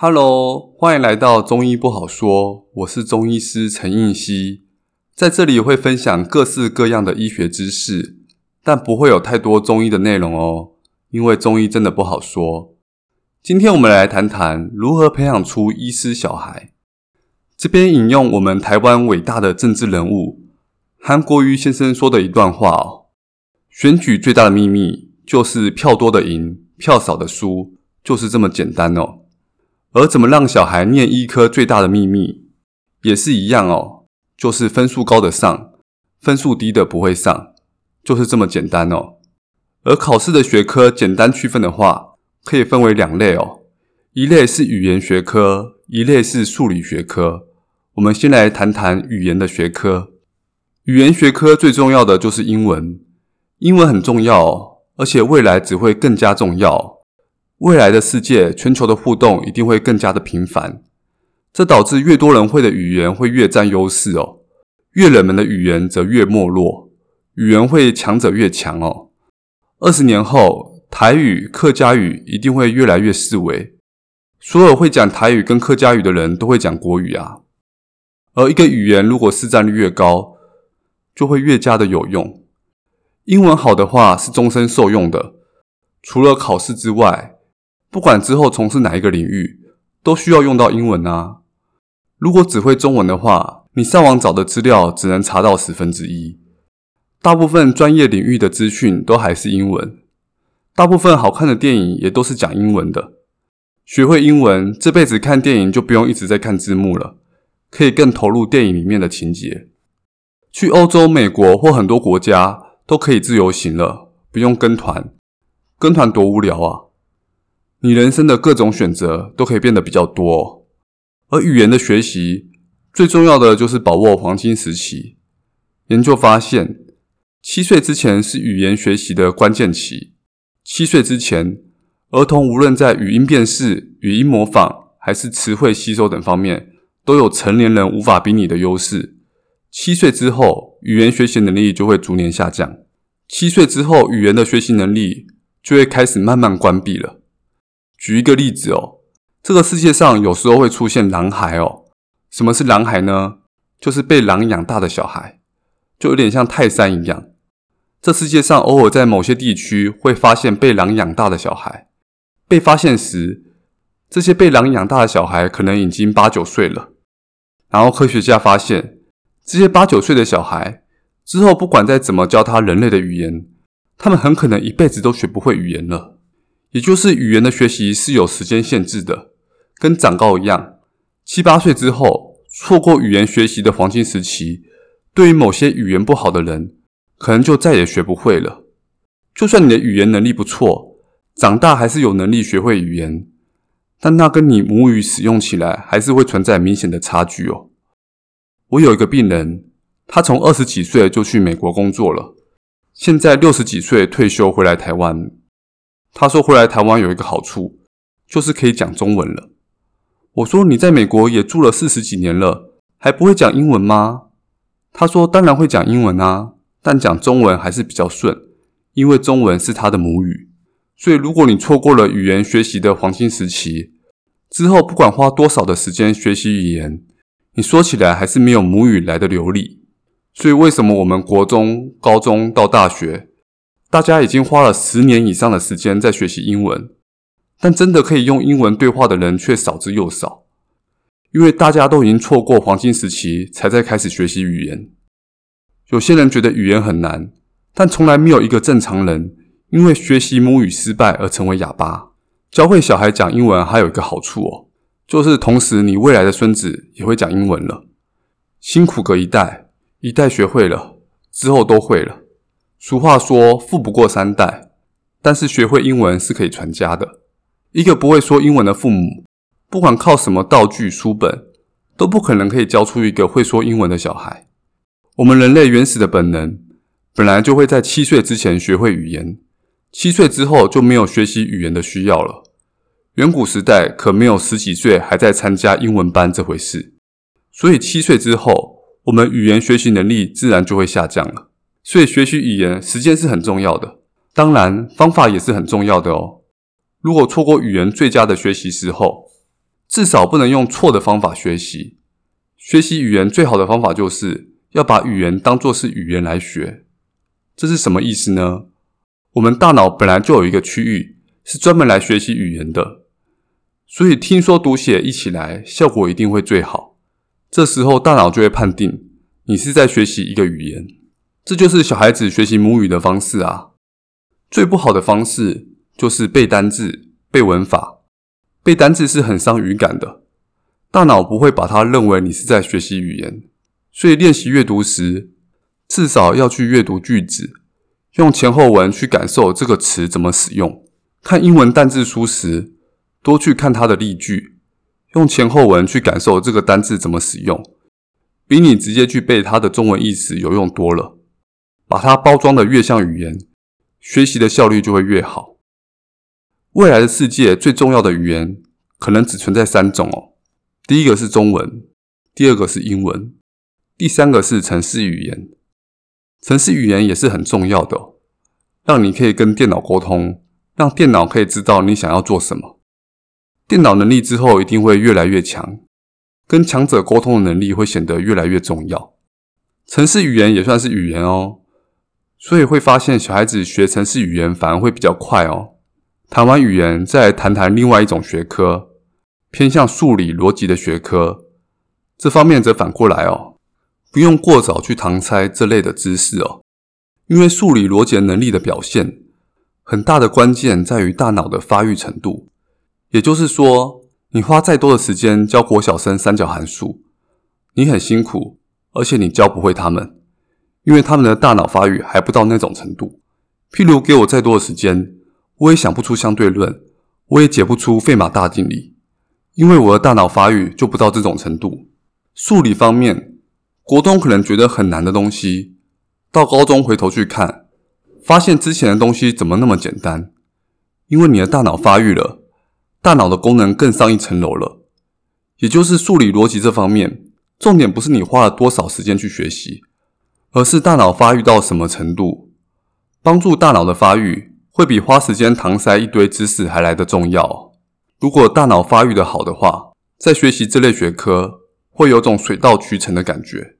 Hello，歡迎來到中醫不好說。我是中醫師陳應希，在這裡會分享各式各樣的醫學知識，但不會有太多中醫的內容哦，因為中醫真的不好說。今天我們來談談如何培養出醫師小孩。這邊引用我們台灣偉大的政治人物，韓國瑜先生說的一段話哦：選舉最大的秘密就是票多的贏，票少的輸，就是這麼簡單哦。而怎麼讓小孩念醫科最大的秘密也是一樣哦，就是分數高的上，分數低的不會上，就是這麼簡單哦。而考試的學科簡單區分的話，可以分為兩類哦，一類是語言學科，一類是數理學科。我們先來談談語言的學科。語言學科最重要的就是英文，英文很重要哦，而且未來只會更加重要。未來的世界，全球的互動一定會更加的頻繁，這導致越多人會的語言會越佔優勢哦，越冷門的語言則越沒落，語言會強者越強哦。二十年後，台語、客家語一定會越來越式微，所有會講台語跟客家語的人都會講國語啊。而一個語言如果市占率越高，就會越加的有用。英文好的話是終身受用的，除了考試之外。不管之後從事哪一個領域，都需要用到英文啊。如果只會中文的話，你上網找的資料只能查到十分之一。大部分專業領域的資訊都還是英文。大部分好看的電影也都是講英文的。學會英文，這輩子看電影就不用一直在看字幕了，可以更投入電影裡面的情節。去歐洲、美國或很多國家都可以自由行了，不用跟團。跟團多無聊啊。你人生的各種選擇都可以變得比較多哦，而語言的學習最重要的就是把握黃金時期。研究發現，七歲之前是語言學習的關鍵期。七歲之前，兒童無論在語音辨識、語音模仿還是詞彙吸收等方面，都有成年人無法比擬的優勢。七歲之後，語言學習能力就會逐年下降。七歲之後，語言的學習能力就會開始慢慢關閉了。舉一個例子哦，這個世界上有時候會出現狼孩哦。什麼是狼孩呢？就是被狼養大的小孩，就有點像泰山一樣。這世界上偶爾在某些地區會發現被狼養大的小孩。被發現時，這些被狼養大的小孩可能已經八九歲了。然後科學家發現，這些八九歲的小孩之後不管再怎麼教他人類的語言，他們很可能一輩子都學不會語言了。也就是語言的學習是有時間限制的，跟長高一樣，七八歲之後錯過語言學習的黃金時期，對於某些語言不好的人，可能就再也學不會了。就算你的語言能力不錯，長大還是有能力學會語言，但那跟你母語使用起來還是會存在明顯的差距哦。我有一個病人，他從二十幾歲就去美國工作了，現在六十幾歲退休回來台灣。他說回來台灣有一個好處，就是可以講中文了。我說，你在美國也住了四十幾年了，還不會講英文嗎？他說當然會講英文啊，但講中文還是比較順，因為中文是他的母語。所以如果你錯過了語言學習的黃金時期，之後不管花多少的時間學習語言，你說起來還是沒有母語來的流利。所以為什麼我們國中、高中到大學，大家已經花了十年以上的時間在學習英文，但真的可以用英文對話的人卻少之又少，因為大家都已經錯過黃金時期才在開始學習語言。有些人覺得語言很難，但從來沒有一個正常人因為學習母語失敗而成為啞巴。教會小孩講英文還有一個好處哦，就是同時你未來的孫子也會講英文了。辛苦個一代，一代學會了，之後都會了。俗話說“富不過三代”，但是學會英文是可以傳家的。一個不會說英文的父母，不管靠什麼道具、書本，都不可能可以教出一個會說英文的小孩。我們人類原始的本能，本來就會在七歲之前學會語言，七歲之後就沒有學習語言的需要了。遠古時代可沒有十幾歲還在參加英文班這回事，所以七歲之後，我們語言學習能力自然就會下降了。所以學習語言時間是很重要的，當然方法也是很重要的哦。如果錯過語言最佳的學習時候，至少不能用錯的方法學習。學習語言最好的方法就是要把語言當作是語言來學。這是什麼意思呢？我們大腦本來就有一個區域是專門來學習語言的，所以聽說讀寫一起來，效果一定會最好。這時候大腦就會判定你是在學習一個語言。這就是小孩子學習母語的方式啊。最不好的方式就是背單字、背文法。背單字是很傷語感的，大腦不會把它認為你是在學習語言。所以練習閱讀時，至少要去閱讀句子，用前後文去感受這個詞怎麼使用。看英文單字書時，多去看它的例句，用前後文去感受這個單字怎麼使用，比你直接去背它的中文意思有用多了。把它包裝得越像語言，學習的效率就會越好。未來的世界最重要的語言可能只存在三種哦，第一個是中文，第二個是英文，第三個是程式語言。程式語言也是很重要的，讓你可以跟電腦溝通，讓電腦可以知道你想要做什麼。電腦能力之後一定會越來越強，跟強者溝通的能力會顯得越來越重要。程式語言也算是語言哦。所以會發現，小孩子學程式語言反而會比較快哦。談完語言，再談談另外一種學科，偏向數理邏輯的學科。這方面則反過來哦，不用過早去搪塞這類的知識哦。因為數理邏輯能力的表現，很大的關鍵在於大腦的發育程度。也就是說，你花再多的時間教國小生三角函數，你很辛苦，而且你教不會他們。因為他們的大腦發育還不到那種程度，譬如給我再多的時間，我也想不出相對論，我也解不出費馬大定理，因為我的大腦發育就不到這種程度。數理方面，國中可能覺得很難的東西，到高中回頭去看，發現之前的東西怎麼那麼簡單？因為你的大腦發育了，大腦的功能更上一層樓了，也就是數理邏輯這方面，重點不是你花了多少時間去學習。而是大腦發育到什麼程度，幫助大腦的發育會比花時間搪塞一堆知識還來得重要。如果大腦發育得好的話，在學習這類學科會有種水到渠成的感覺。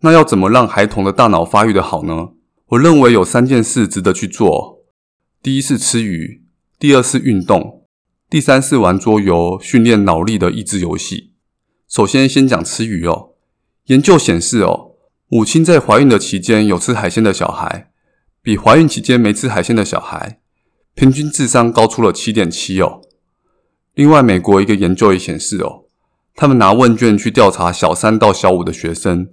那要怎麼讓孩童的大腦發育得好呢？我認為有三件事值得去做：第一是吃魚，第二是運動，第三是玩桌遊、訓練腦力的益智遊戲。首先，先講吃魚哦。研究顯示哦，母親在懷孕的期間有吃海鮮的小孩，比懷孕期間沒吃海鮮的小孩，平均智商高出了七點七哦。另外，美國一個研究也顯示哦，他們拿問卷去調查小三到小五的學生，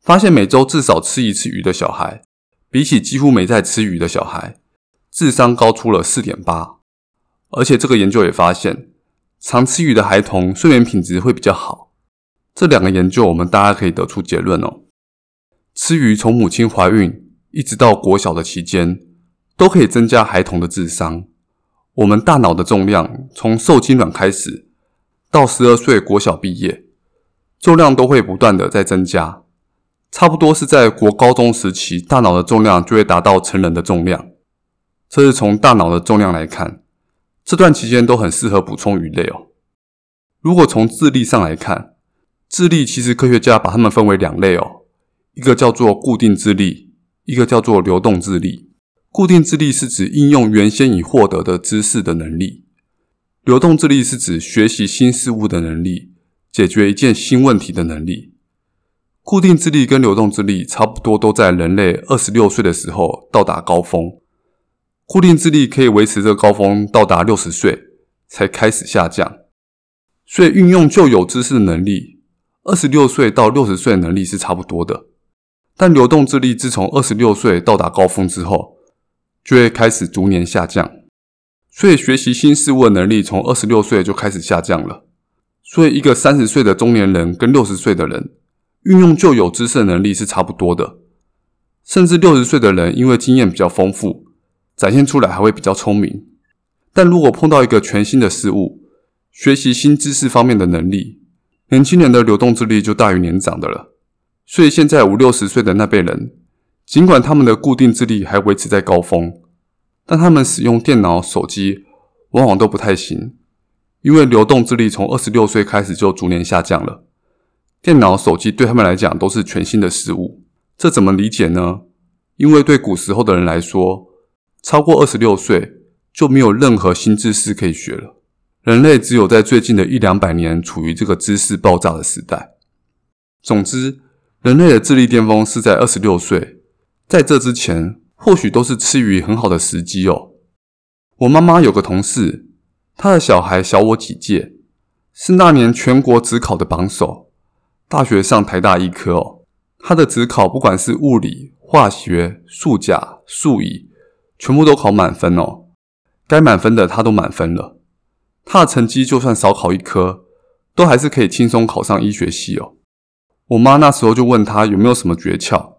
發現每周至少吃一次魚的小孩，比起幾乎沒在吃魚的小孩，智商高出了四點八。而且這個研究也發現，常吃魚的孩童睡眠品質會比較好。這兩個研究，我們大家可以得出結論哦。吃魚從母親懷孕一直到國小的期間，都可以增加孩童的智商。我們大腦的重量從受精卵開始到十二歲國小畢業，重量都會不斷的在增加，差不多是在國高中時期，大腦的重量就會達到成人的重量。這是從大腦的重量來看，這段期間都很適合補充魚類哦。如果從智力上來看，智力其實科學家把它們分為兩類哦。一個叫做固定智力，一個叫做流動智力。固定智力是指應用原先已獲得的知識的能力，流動智力是指學習新事物的能力，解決一件新問題的能力。固定智力跟流動智力差不多，都在人類二十六歲的時候到達高峰。固定智力可以維持這個高峰到60，到達六十歲才開始下降。所以，運用舊有知識的能力，二十六歲到六十歲能力是差不多的。但流動智力自從二十六歲到達高峰之後，就會開始逐年下降，所以學習新事物的能力從二十六歲就開始下降了。所以，一個三十歲的中年人跟六十歲的人運用舊有知識的能力是差不多的，甚至六十歲的人因為經驗比較豐富，展現出來還會比較聰明。但如果碰到一個全新的事物，學習新知識方面的能力，年輕人的流動智力就大於年長的了。所以現在五六十歲的那輩人，儘管他們的固定智力還維持在高峰，但他們使用電腦、手機往往都不太行，因為流動智力從二十六歲開始就逐年下降了。電腦、手機對他們來講都是全新的事物，這怎麼理解呢？因為對古時候的人來說，超過二十六歲就沒有任何新知識可以學了。人類只有在最近的一兩百年處於這個知識爆炸的時代。總之，人類的智力巔峰是在二十六歲，在這之前或許都是吃魚很好的時機哦。我媽媽有個同事，他的小孩小我幾屆，是那年全國指考的榜首，大學上台大醫科哦。他的指考不管是物理、化學、數甲、數乙，全部都考滿分哦。該滿分的他都滿分了，他的成績就算少考一科，都還是可以輕鬆考上醫學系哦。我媽那時候就問他有沒有什麼訣竅，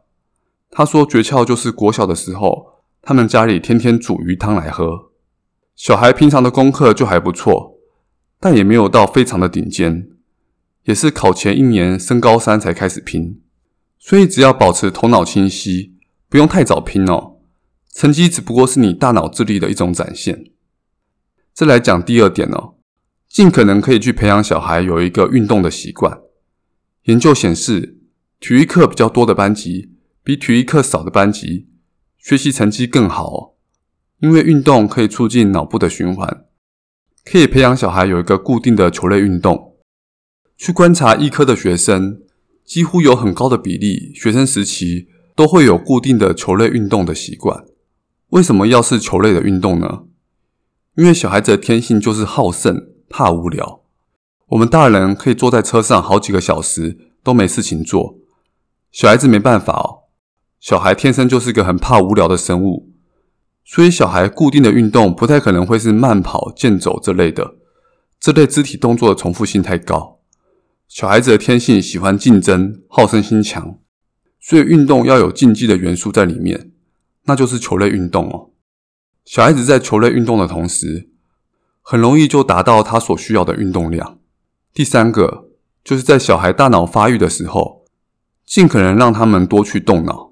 他說訣竅就是國小的時候，他們家裡天天煮魚湯來喝，小孩平常的功課就還不錯，但也沒有到非常的頂尖，也是考前一年升高三才開始拼，所以只要保持頭腦清晰，不用太早拼哦，成績只不過是你大腦智力的一種展現。再來講第二點哦，盡可能可以去培養小孩有一個運動的習慣。研究顯示，體育課比較多的班級比體育課少的班級學習成績更好，因為運動可以促進腦部的循環，可以培養小孩有一個固定的球類運動。去觀察醫科的學生，幾乎有很高的比例，學生時期都會有固定的球類運動的習慣。為什麼要是球類的運動呢？因為小孩子的天性就是好勝，怕無聊。我們大人可以坐在車上好幾個小時都沒事情做，小孩子沒辦法哦。小孩天生就是個很怕無聊的生物，所以小孩固定的運動不太可能會是慢跑、健走這類的，這類肢體動作的重複性太高。小孩子的天性喜歡競爭，好勝心強，所以運動要有競技的元素在裡面，那就是球類運動哦。小孩子在球類運動的同時，很容易就達到他所需要的運動量。第三個就是在小孩大腦發育的時候，盡可能讓他們多去動腦，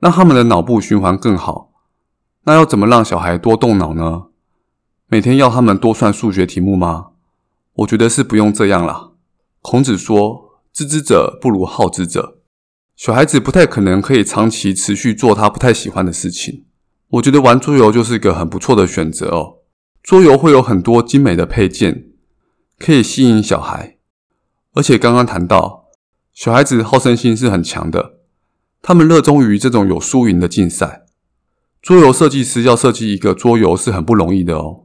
讓他們的腦部循環更好。那要怎麼讓小孩多動腦呢？每天要他們多算數學題目嗎？我覺得是不用這樣啦。孔子說：“知之者不如好之者。”小孩子不太可能可以長期持續做他不太喜歡的事情。我覺得玩桌遊就是一個很不錯的選擇哦。桌遊會有很多精美的配件。可以吸引小孩，而且剛剛談到小孩子好勝心是很強的，他們熱衷於這種有輸贏的競賽。桌遊設計師要設計一個桌遊是很不容易的哦，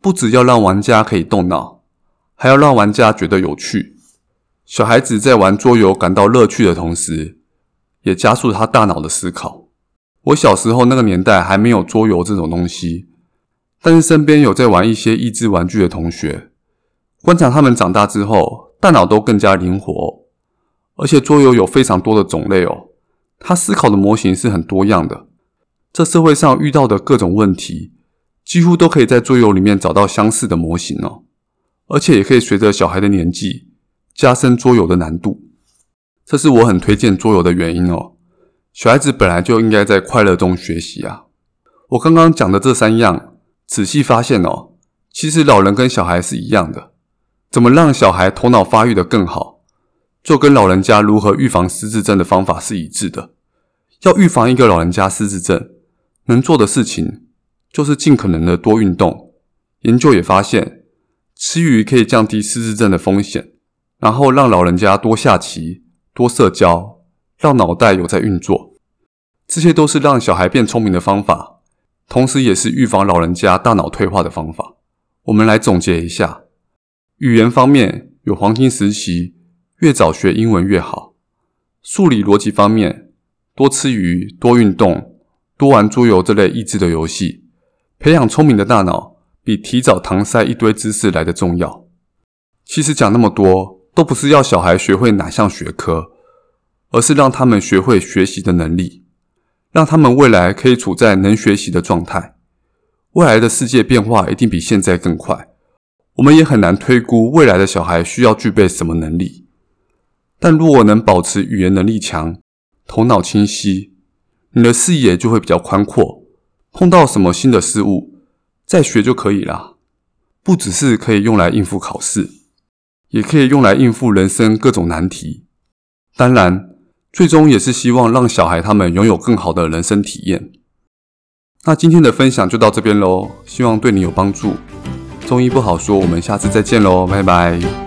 不只要讓玩家可以動腦，還要讓玩家覺得有趣。小孩子在玩桌遊感到樂趣的同時，也加速他大腦的思考。我小時候那個年代還沒有桌遊這種東西，但是身邊有在玩一些益智玩具的同學。觀察他們長大之後，大腦都更加靈活，而且桌遊有非常多的種類哦。他思考的模型是很多樣的，這社會上遇到的各種問題，幾乎都可以在桌遊裡面找到相似的模型哦。而且也可以隨着小孩的年紀加深桌遊的難度，這是我很推薦桌遊的原因哦。小孩子本來就應該在快樂中學習啊。我剛剛講的這三樣，仔細發現哦，其實老人跟小孩是一樣的。怎麼讓小孩頭腦發育得更好，就跟老人家如何預防失智症的方法是一致的。要預防一個老人家失智症，能做的事情就是盡可能的多運動。研究也發現，吃魚可以降低失智症的風險。然後讓老人家多下棋、多社交，讓腦袋有在運作。這些都是讓小孩變聰明的方法，同時也是預防老人家大腦退化的方法。我們來總結一下。語言方面，有黃金時期，越早學英文越好。數理邏輯方面，多吃魚，多運動，多玩桌遊這類益智的遊戲，培養聰明的大腦，比提早搪塞一堆知識來得重要。其實講那麼多，都不是要小孩學會哪項學科，而是讓他們學會學習的能力，讓他們未來可以處在能學習的狀態。未來的世界變化一定比現在更快。我們也很難推估未來的小孩需要具備什麼能力，但如果能保持語言能力強、頭腦清晰，你的視野就會比較寬闊，碰到什麼新的事物，再學就可以啦。不只是可以用來應付考試，也可以用來應付人生各種難題。當然，最終也是希望讓小孩他們擁有更好的人生體驗。那今天的分享就到這邊嘍，希望對你有幫助。中醫不好說，我們下次再見嘍，拜拜。